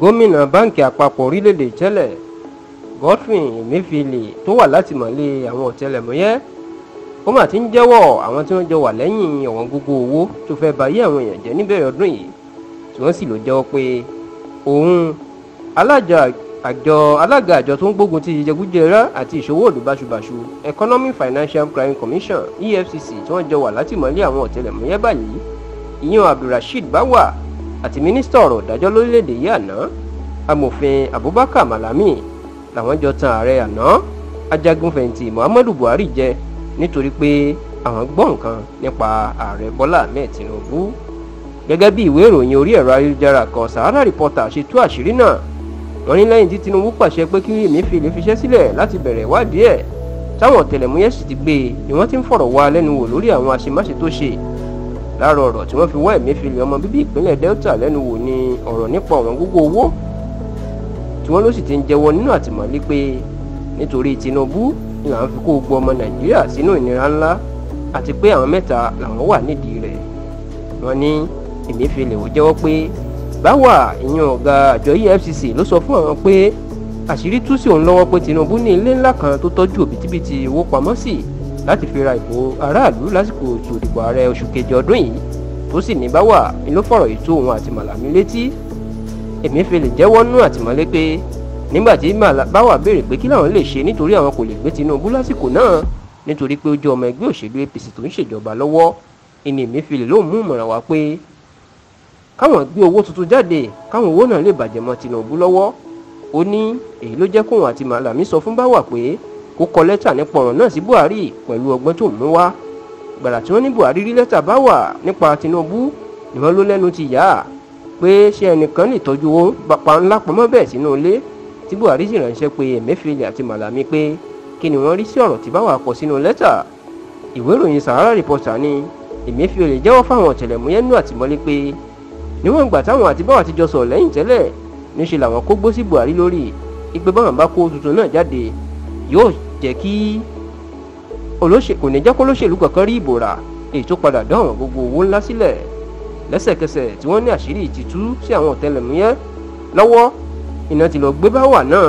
gómìnà báǹkì àpapọ̀ orílẹ̀-èdè tẹ́lẹ̀ Godwin Emefiele tó wà látìmọ́lé àwọn ọ̀tẹlẹ̀múyẹ́ ó mà ti ń jẹ́wọ́ àwọn tí wọ́n jọ wà lẹ́yìn ọ̀wọ́n gógó owó tó fẹ́ bayé àwọn èèyàn jẹ́ níbẹ̀rẹ̀ ọdún yìí tí wọ́n sì ló jẹ́wọ́ pé òun alájà àjọ alága àjọ tó ń gbógun ti jẹgújẹrá àti ìṣòwò òdù báṣubàṣu economy Financial Crime Commission EFCC tí wọ́n jọ wà látìmọ́lé àwọn ọ̀tẹlẹ̀múyẹ́ báyìí ìyẹn Abdulrasheed Báwà àti mínísítà ọ̀rọ̀ ìdájọ́ lórílẹ̀‐èdè yìí àná amòfin Abubakar Malami làwọn jọ tan ààrẹ àná ajagunfẹ̀yìntì Muhammadu Buhari jẹ nítorí pé àwọn gbọ́ nǹkan nípa ààrẹ Bọ́lá Ahmed Tinubu gẹ́gẹ́ bí ìwé ìròyìn orí ẹ̀rọ ayélujára kan Sahara Reporter ṣe tú àṣírí náà wọ́n ní lẹ́yìn tí Tinubu pàṣẹ pé kí Emefiele fiṣẹ́ sílẹ̀ láti bẹ̀rẹ̀ ìwádìí ẹ̀ táwọn ọ̀tẹlẹ̀múyẹ́ sì ti gbé e ni wọ́n ti ń fọ̀rọ̀ wá lẹ́nu wò lórí àwọn àṣemáṣe tó ṣe lára ọ̀rọ̀ tí wọ́n fi wá Emefiele ọmọ bíbí ìpínlẹ̀ Delta lẹ́nu wò ni ọ̀rọ̀ nípa ọ̀wọ́n gógó owó tí wọ́n ló sì ti ń jẹ́wọ́ nínú àtìmọ́lé pé nítorí Tinubu ni à ń fi kó gbogbo ọmọ Nàìjíríà sínú ìnira ńlá àti pé àwọn mẹ́ta làwọn wà nídìí rẹ̀ wọ́n ní Emefiele ò jẹ́wọ́ pé báwa ìyẹn ọ̀gá àjọ EFCC ló sọ fún àwọn pé àṣírí tú sí òun lọ́wọ́ pé Tinubu ní ilé ńlá láti fi ra ìbò aráàlú lásìkò ètò ìdìbò ààrẹ oṣù kejì ọdún yìí tó sì ní bá wà ni ló fọ̀rọ̀ ètò òun àti màlàmí létí Emefiele jẹ́wọ́ nú àtìmọ́lé pé nígbà tí báwà béèrè pé kí làwọn lè ṣe nítorí àwọn kò lè gbé Tinubu lásìkò náà nítorí pé ó jẹ́ ọmọ ẹgbẹ́ òṣèlú APC tó ń ṣèjọba lọ́wọ́ ìní Emefiele ló mú ìmọ̀ràn wá pé káwọn gbé owó tuntun jáde káwọn owó náà lè bàjẹ́ mọ́ Tinubu lọ́wọ́ ó ní èyí ló jẹ́ kóun àti màlàmí sọ fún báwà pé ó kọ lẹ́tà nípa ọ̀rọ̀ náà sí Buhari pẹ̀lú ọgbọ́n tó mú wá gbàrà tí wọ́n ní Buhari rí lẹ́tà bá wà nípa Tinubu ni wọ́n ló lẹ́nu ti yá pé ṣé ẹnìkan lè tọ́jú owó bàpà ńlá pamọ́ bẹ́ẹ̀ sínú ilé tí Buhari sì ránṣẹ́ pé Emefiele àti Malami pé kí ni wọ́n rí sí ọ̀rọ̀ tí bá wà kọ sínú lẹ́tà ìwé ìròyìn Sahara Reporter ni Emefiele jẹ́wọ́ fáwọn ọ̀tẹlẹ̀múyẹ́ nú àtìmọ́lé pé níwọ̀n ìgbà táwọn àti báwọn ti jọ sọ̀rọ̀ lẹ́yìn tẹ́lẹ̀ níṣẹ́ làwọn kó gbó sí Buhari lórí ìgbé báwọn bá kó tuntun náà jáde yóò jẹ́ kí olóṣèlú kò ní jẹ́ kó olóṣèlú kankan rí ìbò rà èyí tó padà dán ọ̀rọ̀ gbogbo owó ńlá sílẹ̀ lẹ́sẹ̀kẹsẹ̀ tí wọ́n ní àṣírí ti tú sí àwọn ọ̀tẹlẹ̀múyẹ́ lọ́wọ́ iná ti lọ gbé bá wà náà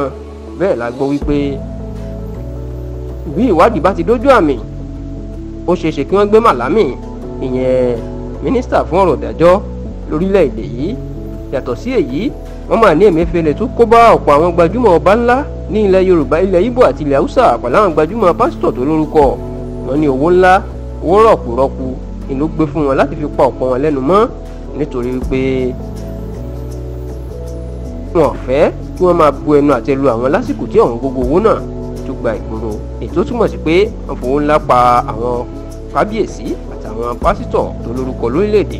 bẹ́ẹ̀ la gbọ́ wípé bí ìwádìí bá ti dójú àmì ó ṣeéṣe kí wọ́n gbé màlámì ìyẹn mínísítà fún ọ̀rọ̀ ìdájọ́ lórílẹ̀‐èdè yìí yàtọ̀ sí èyí wọ́n máa ní èmẹ́fẹ́lẹ́ tó kó bá ọ̀pọ̀ àwọn gbajúmọ̀ ọba ńlá ní ilẹ̀ yorùbá ilẹ̀ ibo àti ilẹ̀ haúsá pẹ̀lú àwọn gbajúmọ̀ pásítọ̀ tó lórúkọ wọn ní owó ńlá owó rọ̀kùrọ̀kù ni ló gbé fún wọn láti fi pa ọ̀pọ̀ wọn lẹ́nu mọ́ nítorí wípé wọn fẹ́ kí wọ́n máa bu ẹnu àtẹ́ lu àwọn lásìkò tí ọ̀hún gógó owó náà tó gba ìgboro ètò túmọ̀ sí pé wọn fowó ńlá pa àwọn kábíyèsí àtàwọn pásítọ̀ tó lórúkọ lórílẹ̀